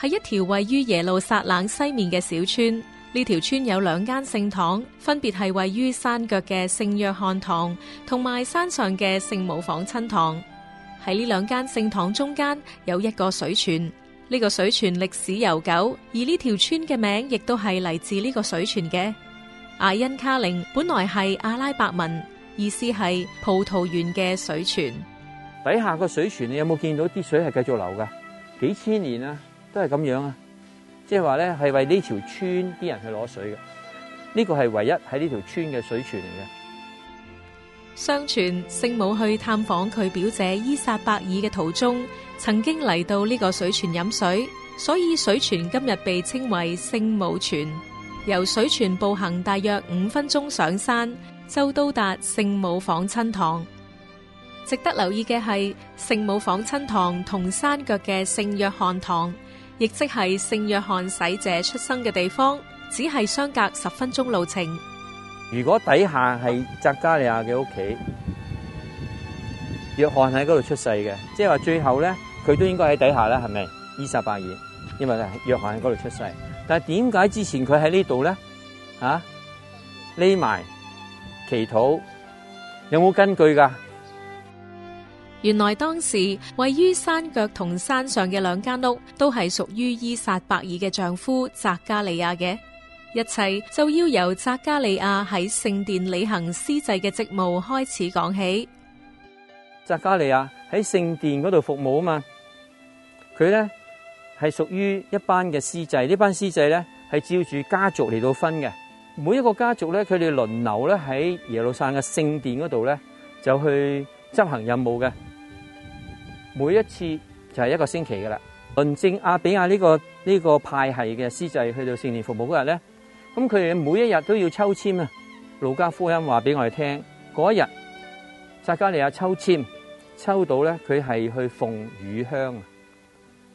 係一條位於耶路撒冷西面嘅小村。呢條村有兩間聖堂，分別係位於山腳嘅聖約翰堂，同埋山上嘅聖母訪親堂。喺呢兩間聖堂中間有一個水泉。呢個水泉歷史悠久，而呢條村嘅名亦都係嚟自呢個水泉嘅。阿因卡寧本來係阿拉伯文，意思係葡萄園嘅水泉。底下個水泉，你有冇見到啲水係繼續流噶？幾千年啦～都係咁樣啊！即係話呢，係為呢條村啲人去攞水嘅。呢個係唯一喺呢條村嘅水泉嚟嘅。相傳聖母去探訪佢表姐伊薩伯爾嘅途中，曾經嚟到呢個水泉飲水，所以水泉今日被稱為聖母泉。由水泉步行大約五分鐘上山，就到達聖母訪親堂。值得留意嘅係聖母訪親堂同山腳嘅聖約翰堂，亦即係聖約翰使者出生嘅地方，只係相隔十分鐘路程。如果底下係扎加利亞嘅屋企，約翰喺嗰度出世嘅，即係話最後咧，佢都應該喺底下啦，係咪？伊撒伯爾，因為咧，約翰喺嗰度出世，但係點解之前佢喺呢度咧？吓、啊？匿埋祈禱，有冇根據噶？原來當時位於山腳同山上嘅兩間屋都係屬於伊撒伯爾嘅丈夫匝加利亞嘅。一切就要由匝加利亞喺聖殿履行司祭嘅職務開始講起。匝加利亞喺聖殿嗰度服務啊嘛，佢咧，係屬於一班嘅司祭，呢班司祭咧，係照住家族嚟到分嘅。每一個家族咧，佢哋輪流咧喺耶路撒冷嘅聖殿嗰度咧就去執行任務嘅。每一次就係一個星期噶啦，論證阿比亞呢個呢個派系嘅司祭去到聖殿服務嗰日咧，咁佢哋每一日都要抽簽啊。路加福音話俾我哋聽，嗰一日撒加利亞抽簽抽到咧，佢係去奉乳香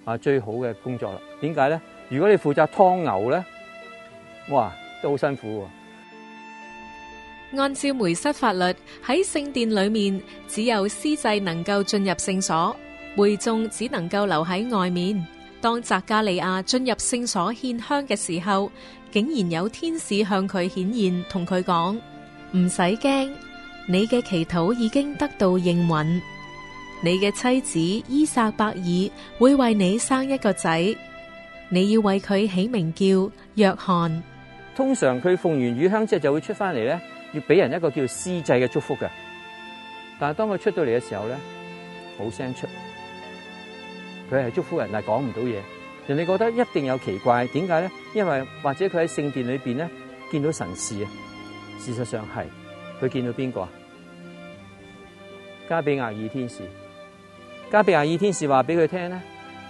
啊，最好嘅工作啦。點解咧？如果你負責湯牛咧，哇都好辛苦啊。按照梅塞法律喺聖殿裏面，只有司祭能夠進入聖所。會眾只能夠留喺外面。當扎加利亞進入聖所獻香嘅時候，竟然有天使向佢顯現，同佢講：唔使驚，你嘅祈禱已經得到應允，你嘅妻子伊撒伯爾會為你生一個仔，你要為佢起名叫約翰。通常佢奉完乳香之後就會出翻嚟咧，要俾人一個叫司祭嘅祝福嘅。但係當佢出到嚟嘅時候咧，冇聲出。佢係祝福人，但係講唔到嘢，人哋覺得一定有奇怪，點解咧？因為或者佢喺聖殿裏邊咧見到神事啊，事實上係佢見到邊個啊？加比亞爾天使。加比亞爾天使話俾佢聽咧：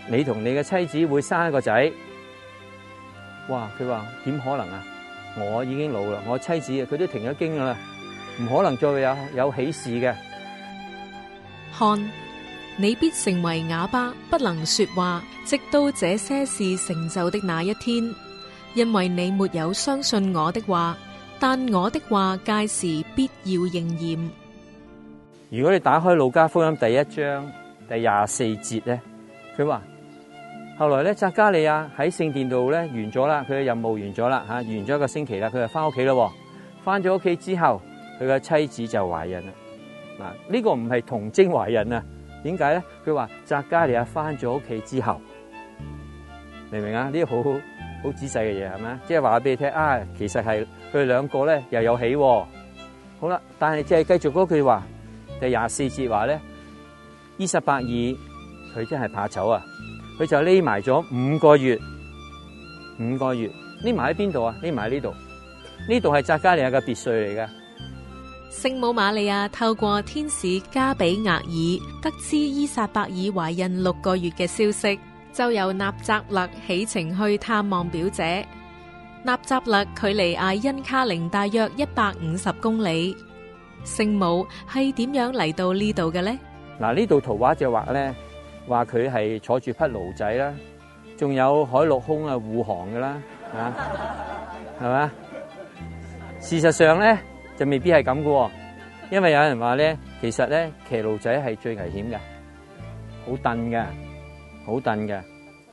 你同你嘅妻子會生一個仔。哇！佢話點可能啊？我已經老啦，我妻子佢都停咗經噶啦，唔可能再有有喜事嘅。漢你必成為啞巴，不能說話，直到這些事成就的那一天，因為你沒有相信我的話。但我的話屆時必要應驗。如果你打開《路加福音》第一章第廿四節咧，佢話後來咧，扎加利亞喺聖殿度咧完咗啦，佢嘅任務完咗啦，吓、啊、完咗一個星期啦，佢就翻屋企啦。翻咗屋企之後，佢嘅妻子就懷孕啦。嗱、啊，呢、這個唔係童貞懷孕啊！點解咧？佢話扎加利亞翻咗屋企之後，明唔明啊？呢啲好好仔細嘅嘢係咪啊？即係話俾你聽啊，其實係佢哋兩個咧又有喜、啊，好啦。但係即係繼續嗰句話，第廿四節話咧，以利沙伯佢真係怕醜啊！佢就匿埋咗五個月，五個月匿埋喺邊度啊？匿埋喺呢度，呢度係扎加利亞嘅別墅嚟嘅。聖母瑪利亞透過天使加比厄爾得知伊撒伯爾懷孕六個月嘅消息，就由納扎勒起程去探望表姐。納扎勒距離艾因卡寧大約一百五十公里。聖母係點樣嚟到呢度嘅呢？嗱，呢度圖畫就畫咧，話佢係坐住匹驢仔啦，仲有海陸空啊護航噶啦，啊 是吧，係 嘛？事實上咧。就未必係咁噶因為有人話咧，其實咧騎路仔係最危險嘅，好掟嘅，好掟嘅，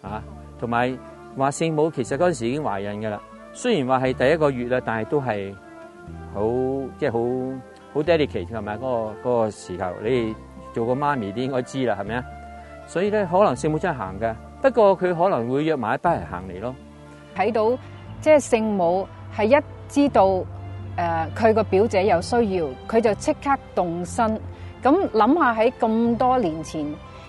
啊，同埋話聖母其實嗰陣時已經懷孕噶啦，雖然話係第一個月啦，但係都係好即係好好 delicate 係咪啊？嗰個嗰、嗰個時候，你做過媽咪都應該知啦，係咪啊？所以咧，可能聖母真係行嘅，不過佢可能會約埋一班人行嚟咯。睇到即係聖母係一知道。誒，佢個表姐有需要，佢就即刻動身。咁諗下喺咁多年前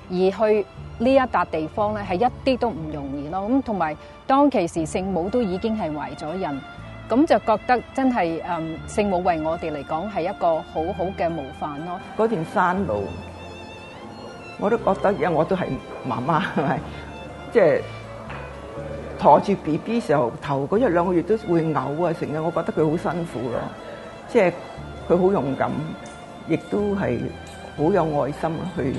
而去呢一笪地方咧，係一啲都唔容易咯。咁同埋當其時聖母都已經係懷咗孕，咁就覺得真係誒，聖母為我哋嚟講係一個好好嘅模範咯。嗰段山路，我都覺得而家我都係媽媽，係咪？即係。坐住 B B 時候，頭嗰一兩個月都會嘔啊，成日我覺得佢好辛苦咯。即係佢好勇敢，亦都係好有愛心去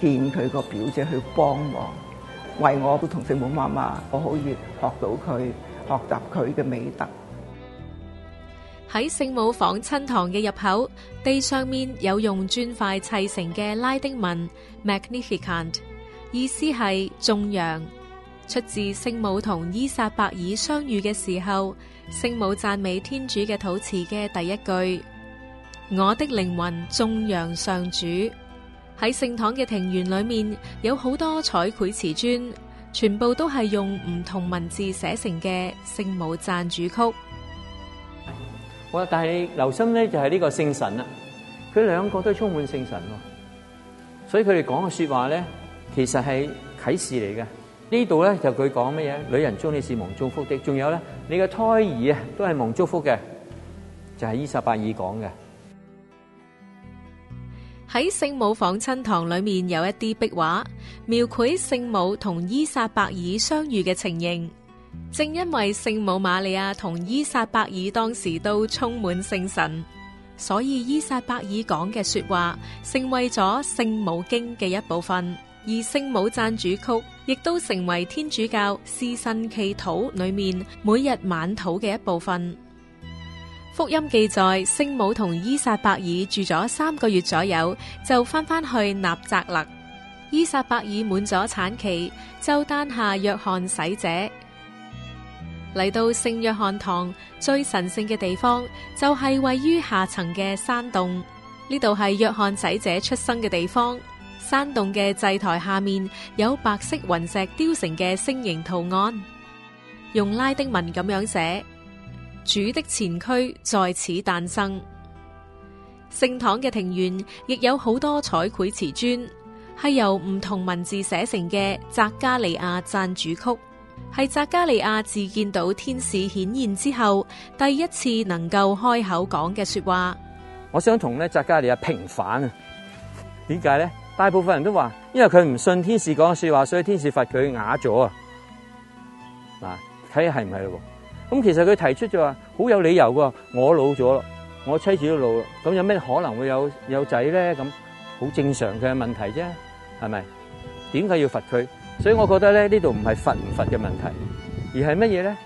見佢個表姐去幫忙，為我都同聖母媽媽，我好願學到佢，學習佢嘅美德。喺聖母訪親堂嘅入口，地上面有用磚塊砌成嘅拉丁文 Magnificat，意思係頌揚。出自聖母同伊撒伯爾相遇嘅時候，聖母讚美天主嘅禱詞嘅第一句：我的靈魂頌揚上主。喺聖堂嘅庭園裏面，有好多彩繪瓷磚，全部都係用唔同文字寫成嘅聖母讚主曲。我但係你留心咧，就係呢個聖神啦，佢兩個都充滿聖神，所以佢哋講嘅說話咧，其實係啟示嚟嘅。呢度咧就佢講乜嘢？女人中你是蒙祝福的，仲有咧，你個胎兒啊都係蒙祝福嘅，就係、是、伊撒伯爾講嘅。喺聖母訪親堂裏面有一啲壁畫，描繪聖母同伊撒伯爾相遇嘅情形。正因為聖母瑪利亞同伊撒伯爾當時都充滿聖神，所以伊撒伯爾講嘅說的話成為咗聖母經嘅一部分。而聖母讚主曲亦都成為天主教時辰祈禱裏面每日晚禱嘅一部分。福音記載聖母同伊撒伯爾住咗三個月左右，就翻返去納匝勒。伊撒伯爾滿咗產期，就誕下約翰洗者。嚟到聖約翰堂最神聖嘅地方，就係、是、位於下層嘅山洞，呢度係約翰洗者出生嘅地方。山洞嘅祭台下面有白色雲石雕成嘅星形圖案，用拉丁文咁樣寫，主的前驅在此誕生。聖堂嘅庭園亦有好多彩繪瓷磚，係由唔同文字寫成嘅。扎加利亞讚主曲係扎加利亞自見到天使顯現之後第一次能夠開口講嘅說話。我想同呢扎加利亞平反啊。點解呢？大部分人都話，因為佢唔信天使講嘅說話，所以天使罰佢啞咗啊！嗱，睇下係唔係咯？咁其實佢提出就話，好有理由噶。我老咗啦，我妻子都老啦，咁有咩可能會有有仔咧？咁好正常嘅問題啫，係咪？點解要罰佢？所以我覺得咧，呢度唔係罰唔罰嘅問題，而係乜嘢咧？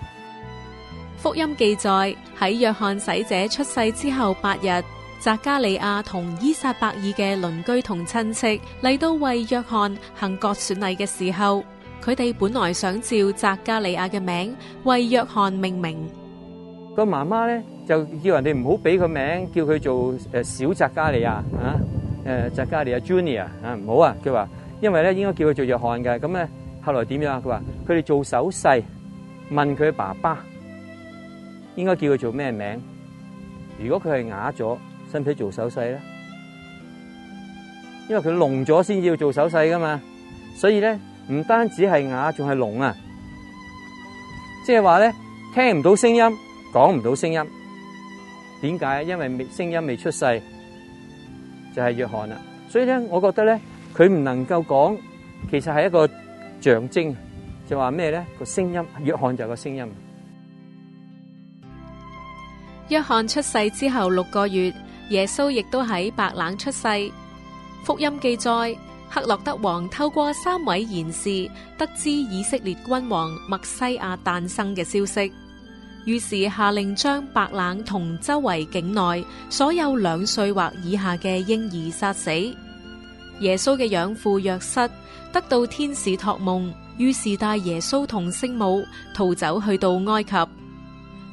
福音記載喺約翰洗者出世之後八日。扎加利亞同伊撒伯爾嘅鄰居同親戚嚟到為約翰行割損禮嘅時候，佢哋本來想照扎加利亞嘅名為約翰命名，個媽媽呢，個媽媽咧就叫人哋唔好俾佢名，叫佢做誒小扎加利亞啊，誒、啊、扎加利亞 Junior 啊唔好啊，佢話因為咧應該叫佢做約翰嘅，咁、啊、咧後來點樣啊？佢話佢哋做手勢問佢爸爸應該叫佢做咩名？如果佢係啞咗？甚至做手勢咧，因為佢聾咗先要做手勢噶嘛，所以咧唔單止係啞，仲係聾啊！即係話咧，聽唔到聲音，講唔到聲音。點解？因為未聲音未出世，就係約翰啦。所以咧，我覺得咧，佢唔能夠講，其實係一個象徵，就話咩咧個聲音，約翰就係個聲音。約翰出世之後六個月。耶穌亦都喺白冷出世。福音記載，黑落德王透過三位賢士得知以色列君王默西亞誕生嘅消息，於是下令將白冷同周圍境內所有兩歲或以下嘅嬰兒殺死。耶穌嘅養父若瑟得到天使託夢，於是帶耶穌同聖母逃走去到埃及。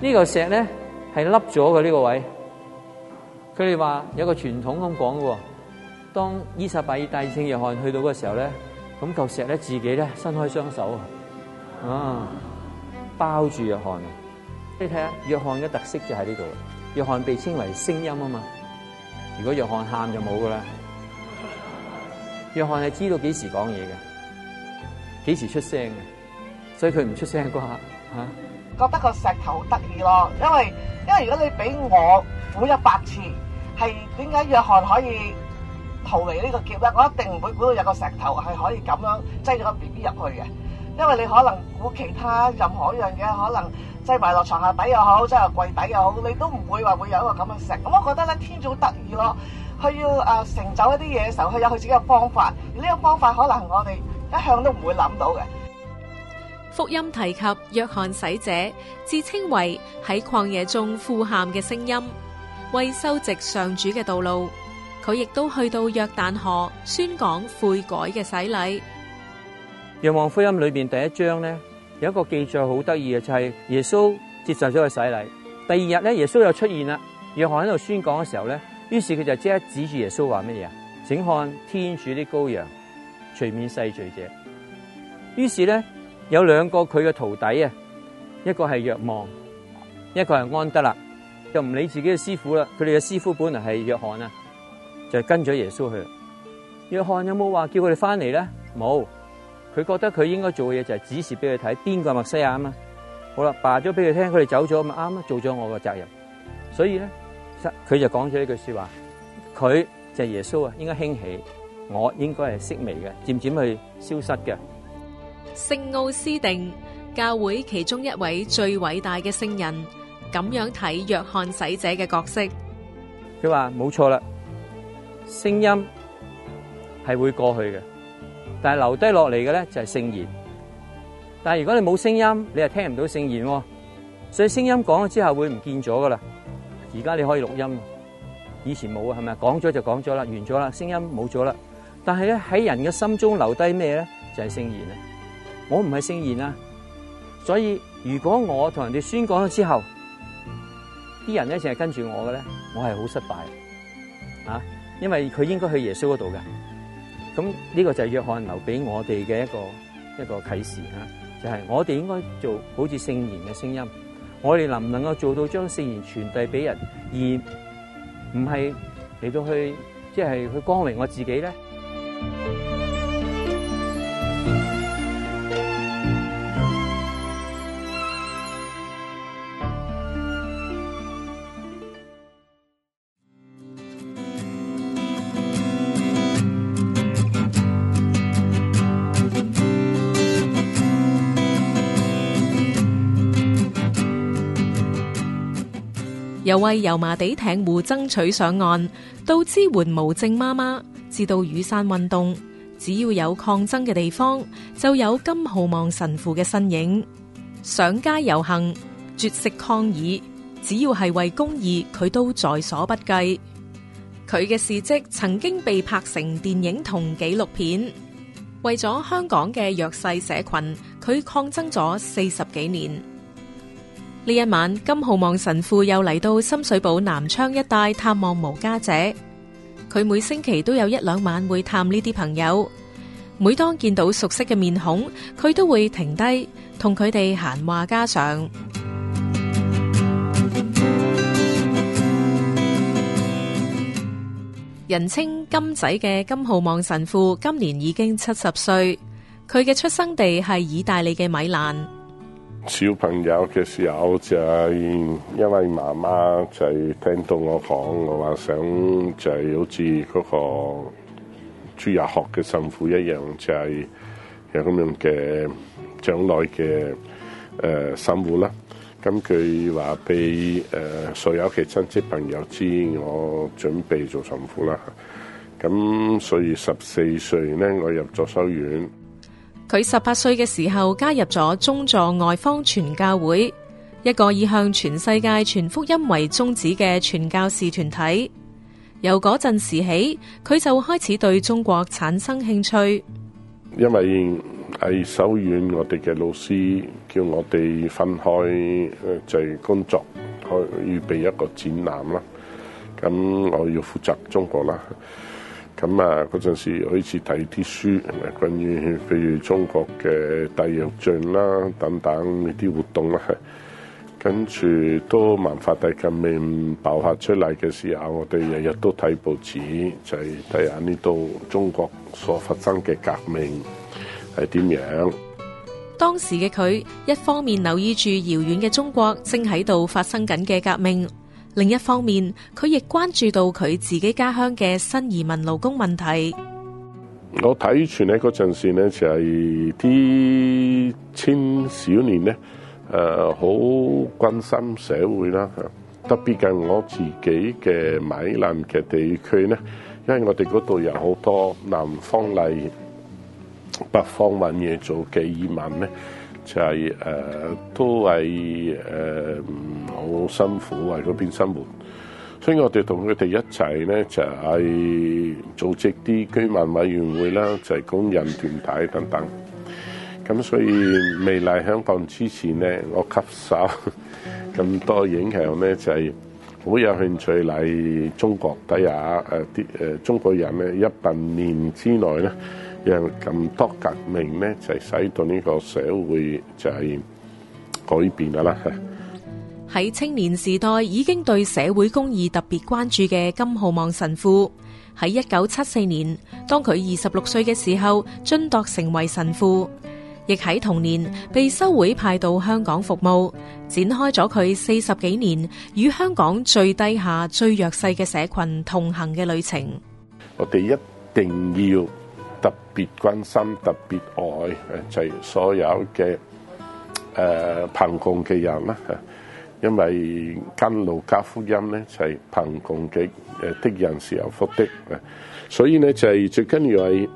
這呢個石咧，係凹咗嘅呢個位，佢哋話有個傳統咁講嘅，當伊撒伯爾帶聖約翰去到嘅時候咧，咁嚿石咧自己咧伸開雙手啊，包住約翰啊！你睇下約翰嘅特色就喺呢度，約翰被稱為聲音啊嘛，如果約翰喊就冇噶啦，約翰係知道幾時講嘢嘅，幾時出聲嘅，所以佢唔出聲啩吓？呃覺得個石頭好得意咯，因為因為如果你俾我估一百次，係點解約翰可以逃離呢個劫呢？我一定唔會估到有個石頭係可以咁樣擠咗個 B B 入去嘅，因為你可能估其他任何一樣嘢，可能擠埋落床下底又好，即係櫃底又好，你都唔會話會有一個咁嘅石。咁我覺得咧，天主好得意咯，佢要誒成就一啲嘢嘅時候，佢有佢自己嘅方法，而呢個方法可能我哋一向都唔會諗到嘅。福音提及約翰洗者自稱為喺曠野中呼喊嘅聲音，為修直上主嘅道路。佢亦都去到約旦河，宣講悔改嘅洗禮。《約翰福音》裏邊第一章咧，有一個記載好得意嘅，就係、是、耶穌接受咗個洗禮。第二日咧，耶穌又出現啦。約翰喺度宣講嘅時候咧，於是佢就即刻指住耶穌話乜嘢啊？請看天主的羔羊，除免世罪者。於是咧。有兩個佢嘅徒弟啊，一個係若望，一個係安德勒，就唔理自己嘅師傅啦。佢哋嘅師傅本來係約翰啊，就係跟咗耶穌去。約翰有冇話叫佢哋翻嚟咧？冇，佢覺得佢應該做嘅嘢就係指示俾佢睇邊個係墨西亞啊嘛。好啦，話咗俾佢聽，佢哋走咗咪啱咯，做咗我嘅責任。所以咧，佢就講咗呢句說話，佢就係耶穌啊，應該興起，我應該係息微嘅，漸漸去消失嘅。聖奧斯定，教會其中一位最偉大嘅聖人咁樣睇約翰洗者嘅角色，佢話冇錯啦，聲音係會過去嘅，但係留低落嚟嘅咧就係聖言。但係如果你冇聲音，你就聽唔到聖言喎，所以聲音講咗之後會唔見咗噶啦。而家你可以錄音，以前冇啊，係咪？講咗就講咗啦，完咗啦，聲音冇咗啦。但係咧喺人嘅心中留低咩咧，就係聖言啊。我唔係聖賢啦，所以如果我同人哋宣講咗之後，啲人咧淨係跟住我嘅，咧我係好失敗啊！因為佢應該去耶穌嗰度嘅，咁、這、呢個就係約翰留俾我哋嘅一個一個啟示啊，就係、是、我哋應該做好似聖賢嘅聲音，我哋能唔能夠做到將聖賢傳遞俾人，而唔係嚟到去即係、就是、去光榮我自己咧？又為油麻地艇戶爭取上岸，到支援無證媽媽，至到雨傘運動，只要有抗爭嘅地方，就有金浩望神父嘅身影。上街遊行、絕食抗議，只要係為公義，佢都在所不計。佢嘅事跡曾經被拍成電影同紀錄片，為咗香港嘅弱勢社群，佢抗爭咗四十幾年。呢一晚，金浩望神父又嚟到深水埗南昌一帶探望無家者。佢每星期都有一兩晚會探呢啲朋友。每當見到熟悉嘅面孔，佢都會停低同佢哋閒話家常。 人稱金仔嘅金浩望神父今年已經七十歲，佢嘅出生地係意大利嘅米蘭。小朋友嘅時候就係因為媽媽就係聽到我講我話想就係好似嗰個主日學嘅神父一樣就係、是、有咁樣嘅將來嘅誒神父啦，咁佢話俾誒所有嘅親戚朋友知我準備做神父啦，咁所以十四歲咧我入咗修院。佢十八歲嘅時候加入咗宗座外方傳教會，一個以向全世界傳福音為宗旨嘅傳教士團體。由嗰陣時起，佢就開始對中國產生興趣。因為係修院，我哋嘅老師叫我哋分開，就係、是、工作，去預備一個展覽啦。咁我要負責中國啦。咁啊，嗰陣時開始睇啲書，關於譬如中國嘅大躍進啦，等等呢啲活動啦。跟住都文化大革命爆發出嚟嘅時候，我哋日日都睇報紙，就係睇下呢度中國所發生嘅革命係點樣。當時嘅佢一方面留意住遙遠嘅中國正喺度發生緊嘅革命。另一方面，佢亦關注到佢自己家鄉嘅新移民勞工問題。我睇全呢嗰陣時呢就係、是、啲青少年呢，誒，好關心社會啦，特別係我自己嘅米蘭嘅地區呢，因為我哋嗰度有好多南方嚟北方搵嘢做嘅移民呢。就係、是、誒、呃、都係誒好辛苦喺嗰邊生活，所以我哋同佢哋一齊咧就係、是、組織啲居民委員會啦，就係、是、工人團體等等。咁所以未嚟香港之前咧，我吸收咁多影響咧，就係、是、好有興趣嚟中國睇下誒啲誒中國人咧一百年之內咧。有咁多革命咧，就係、是、使到呢個社會就係改變噶啦。喺青年時代已經對社會公義特別關注嘅金浩望神父，喺一九七四年當佢二十六歲嘅時候，晉鐸成為神父，亦喺同年被修會派到香港服務，展開咗佢四十幾年與香港最低下、最弱勢嘅社群同行嘅旅程。我哋一定要。特別關心特別愛，誒就係、是、所有嘅誒、呃、貧窮嘅人啦，因為跟路加福音咧就係、是、貧窮嘅誒的人是有福的，所以咧就係、是、最緊要係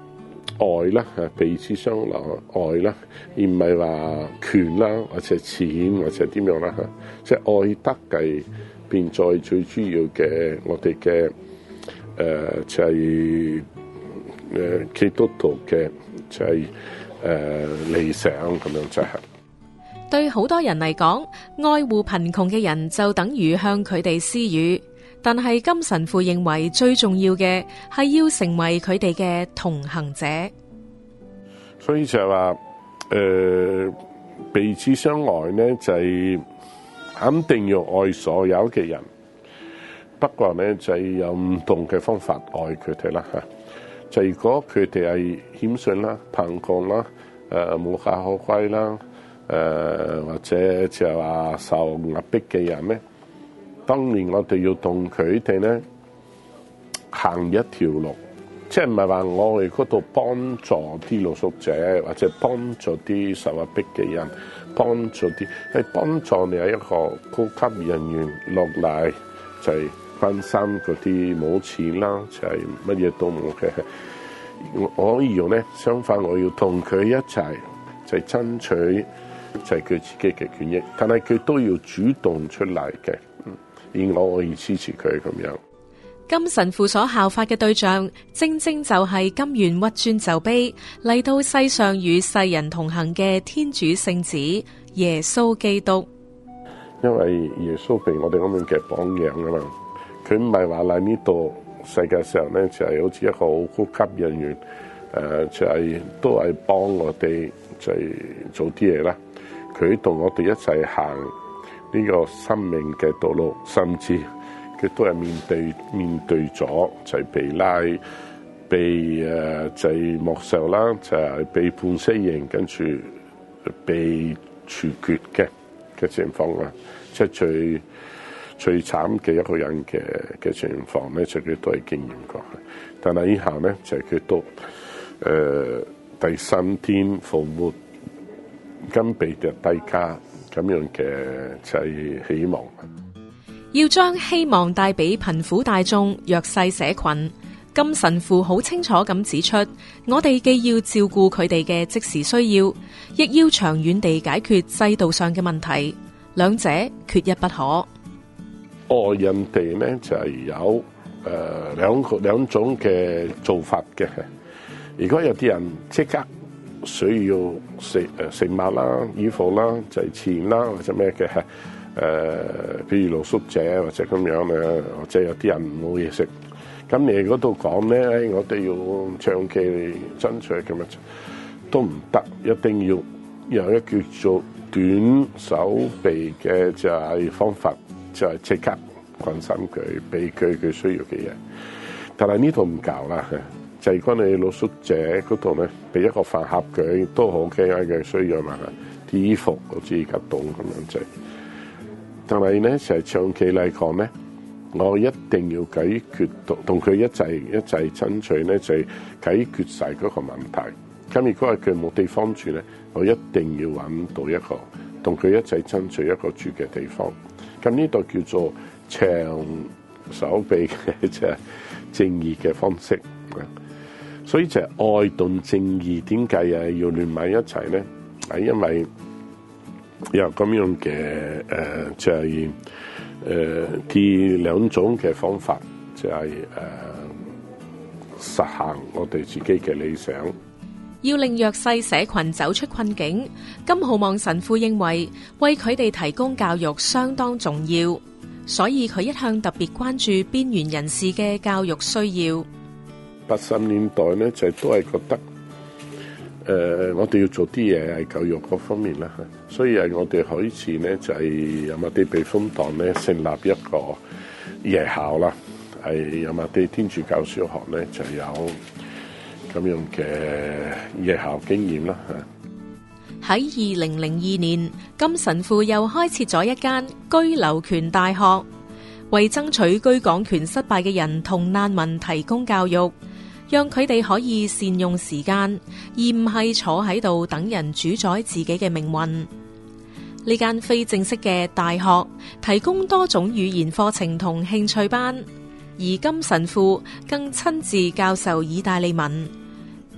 愛啦，誒彼此相留愛啦，而唔係話權啦或者錢或者點樣啦，即、就、係、是、愛德嘅變在最主要嘅我哋嘅誒就係、是。誒，基督徒嘅就係誒理想咁樣就係。對好多人嚟講，愛護貧窮嘅人就等於向佢哋施予。但係金神父認為最重要嘅係要成為佢哋嘅同行者。所以就係話，誒彼此相愛呢就係肯定要愛所有嘅人。不過咧就係有唔同嘅方法愛佢哋啦吓。如果佢哋係謙遜啦、貧窮啦、誒無家可歸啦、誒、呃、或者就係話受壓迫嘅人咧，當年我哋要同佢哋咧行一條路，即係唔係話我哋嗰度幫助啲露宿者，或者幫助啲受壓迫嘅人，幫助啲係幫助你係一個高級人員落嚟就係。分心嗰啲冇錢啦，就係乜嘢都冇嘅。我可以用咧，相反我要同佢一齊，就係爭取就係佢自己嘅權益。但係佢都要主動出嚟嘅，而我可以支持佢咁樣。金神父所效法嘅對象，正正就係金元屈尊就卑嚟到世上與世人同行嘅天主聖子耶穌基督。因為耶穌俾我哋咁樣嘅榜樣啊嘛。佢唔係話嚟呢度，世界上咧就係、是、好似一個好高級人員，誒、呃、就係、是、都係幫我哋就係、是、做啲嘢啦。佢同我哋一齊行呢個生命嘅道路，甚至佢都係面對面對咗就係被拉被誒就係莫受啦，就係、是被，被，呃就是就是、被判死刑，跟住被處決嘅嘅情況啊，即、就、係、是、最。最慘嘅一個人嘅嘅情況咧，就佢都係經驗過。但係以下咧、就是，就佢都誒第三天復活，金俾跌低加咁樣嘅就係希望。要將希望帶俾貧苦大眾、弱勢社群，金神父好清楚咁指出，我哋既要照顧佢哋嘅即時需要，亦要長遠地解決制度上嘅問題，兩者缺一不可。外、哦、人哋咧就係、是、有誒兩、呃、個兩種嘅做法嘅。如果有啲人即刻需要食誒、呃、食物啦、衣服啦、就係錢啦或者咩嘅誒，譬如露宿者或者咁樣咧，或者有啲人冇嘢食，咁你嗰度講咧，我哋要長期爭取嘅，啊，都唔得，一定要有一叫做短手臂嘅就係方法。就係、是、即刻關心佢，俾佢佢需要嘅嘢。但係呢度唔搞啦，就係、是、關你老熟宿者嗰度咧，俾一個飯盒佢都好嘅，佢需要埋啲衣服，好似而家凍咁樣仔，就是。但係咧，就係長期嚟講咧，我一定要解決到同佢一齊一齊爭取咧，就係、是、解決晒嗰個問題。咁如果係佢冇地方住咧，我一定要揾到一個同佢一齊爭取一個住嘅地方。咁呢度叫做長手臂嘅就係正義嘅方式，所以就愛同正義點解啊？要聯埋一齊咧，係因為有咁樣嘅誒，就係誒啲兩種嘅方法，就係、是、誒、呃、實行我哋自己嘅理想。要令弱勢社群走出困境，金浩望神父認為為佢哋提供教育相當重要，所以佢一向特別關注邊緣人士嘅教育需要。八十年代咧就都係覺得，誒我哋要做啲嘢喺教育嗰方面啦，所以係我哋開始咧就係油麻地避風塘咧成立一個夜校啦，係油麻地天主教小學咧就有。咁樣嘅夜校經驗啦。喺二零零二年，金神父又開設咗一間居留權大學，為爭取居港權失敗嘅人同難民提供教育，讓佢哋可以善用時間，而唔係坐喺度等人主宰自己嘅命運。呢間非正式嘅大學提供多種語言課程同興趣班，而金神父更親自教授意大利文。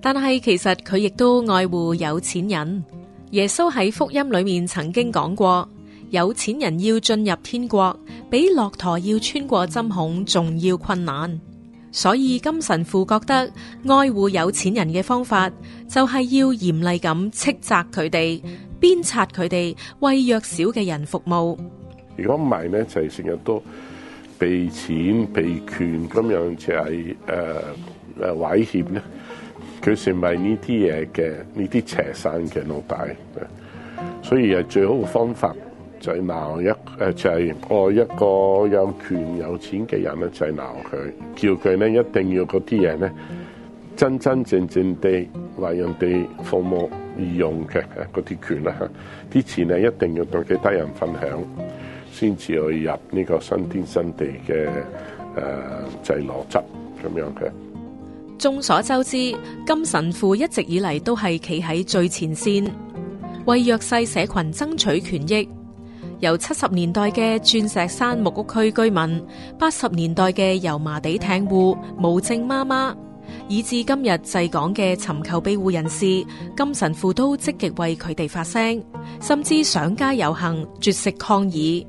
但係其實佢亦都愛護有錢人。耶穌喺福音裏面曾經講過，有錢人要進入天國，比駱駝要穿過針孔仲要困難。所以金神父覺得愛護有錢人嘅方法，就係要嚴厲咁斥責佢哋，鞭策佢哋為弱小嘅人服務。如果唔係呢，就係成日都被錢被權，咁樣就係誒誒威脅咧。呃呃呃呃呃呃呃呃佢成為呢啲嘢嘅呢啲邪生嘅老大，所以係最好嘅方法就鬧一誒，就係、是、我一個有權有錢嘅人咧，就鬧佢，叫佢咧一定要嗰啲嘢咧真真正正地為人哋服務而用嘅嗰啲權啦，啲錢咧一定要同其他人分享，先至去入呢個新天新地嘅誒就邏輯咁樣嘅。眾所周知，金神父一直以嚟都係企喺最前線，為弱勢社群爭取權益。由七十年代嘅鑽石山木屋區居民，八十年代嘅油麻地艇戶無證媽媽，以至今日滯港嘅尋求庇護人士，金神父都積極為佢哋發聲，甚至上街遊行、絕食抗議。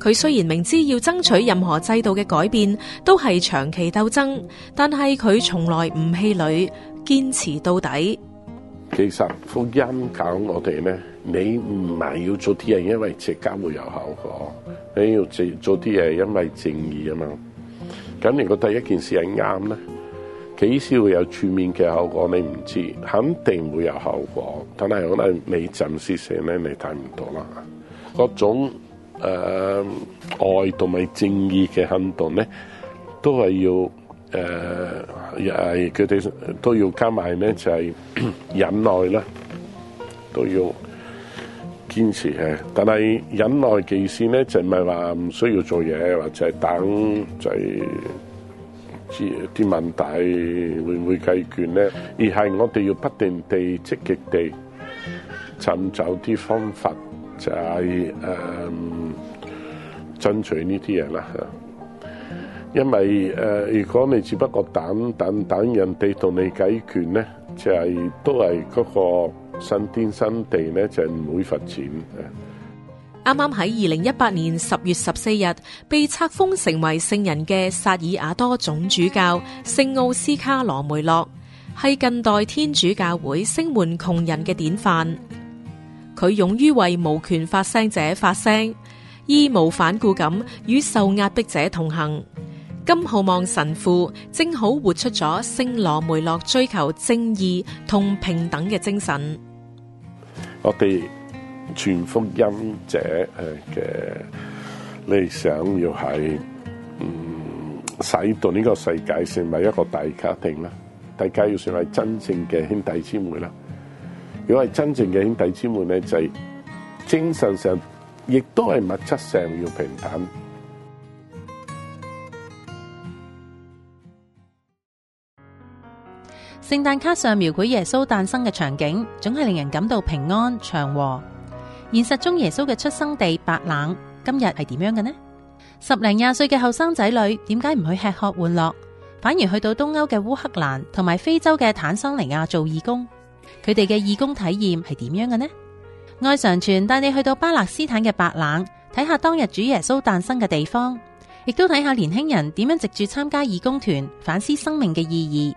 佢雖然明知要爭取任何制度嘅改變都係長期鬥爭，但係佢從來唔氣餒，堅持到底。其實福音教我哋咧，你唔係要做啲嘢，因為直接會有效果；你要做做啲嘢，因為正義啊嘛。咁你個第一件事係啱咧，幾時會有全面嘅效果，你唔知道肯定會有效果。但係我哋未浸時成咧，你睇唔到啦，各種。誒、呃、愛同埋正義嘅行動咧，都係要誒，又係佢哋都要加埋咧，就係、是、 忍耐啦，都要堅持嘅。但係忍耐嘅意思咧，就唔係話唔需要做嘢，或者係等就係、是、啲問題會唔會解決咧？而係我哋要不斷地積極地尋找啲方法，就係、是、誒。呃爭取呢啲嘢啦，因為誒、呃，如果你只不過等等等人哋同你解決呢就係、是、都係嗰個新天新地呢就唔、是、會發展。啱啱，喺二零一八年十月十四日被冊封成為聖人嘅薩爾瓦多總主教聖奧斯卡羅梅洛，係近代天主教會聲援窮人嘅典範。佢勇於為無權發聲者發聲。義無反顧咁與受壓迫者同行。金浩望神父正好活出咗聖羅梅洛追求正義同平等嘅精神。我哋傳福音者誒嘅理想要係嗯使到呢個世界成為一個大家庭啦，大家要成為真正嘅兄弟姊妹啦。如果係真正嘅兄弟姊妹咧，就係、是、精神上。亦都係物質上要平等。聖誕卡上描繪耶穌誕生嘅場景，總係令人感到平安祥和。現實中耶穌嘅出生地白冷，今日係點樣嘅呢？十零廿歲嘅後生仔女，點解唔去吃喝玩樂，反而去到東歐嘅烏克蘭同埋非洲嘅坦桑尼亞做義工？佢哋嘅義工體驗係點樣嘅呢？愛常傳帶你去到巴勒斯坦嘅白冷，睇下當日主耶穌誕生嘅地方，亦都睇下年輕人點樣藉住參加義工團，反思生命嘅意義。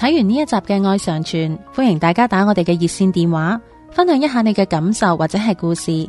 睇完呢一集嘅愛常傳，歡迎大家打我哋嘅熱線電話，分享一下你嘅感受或者係故事。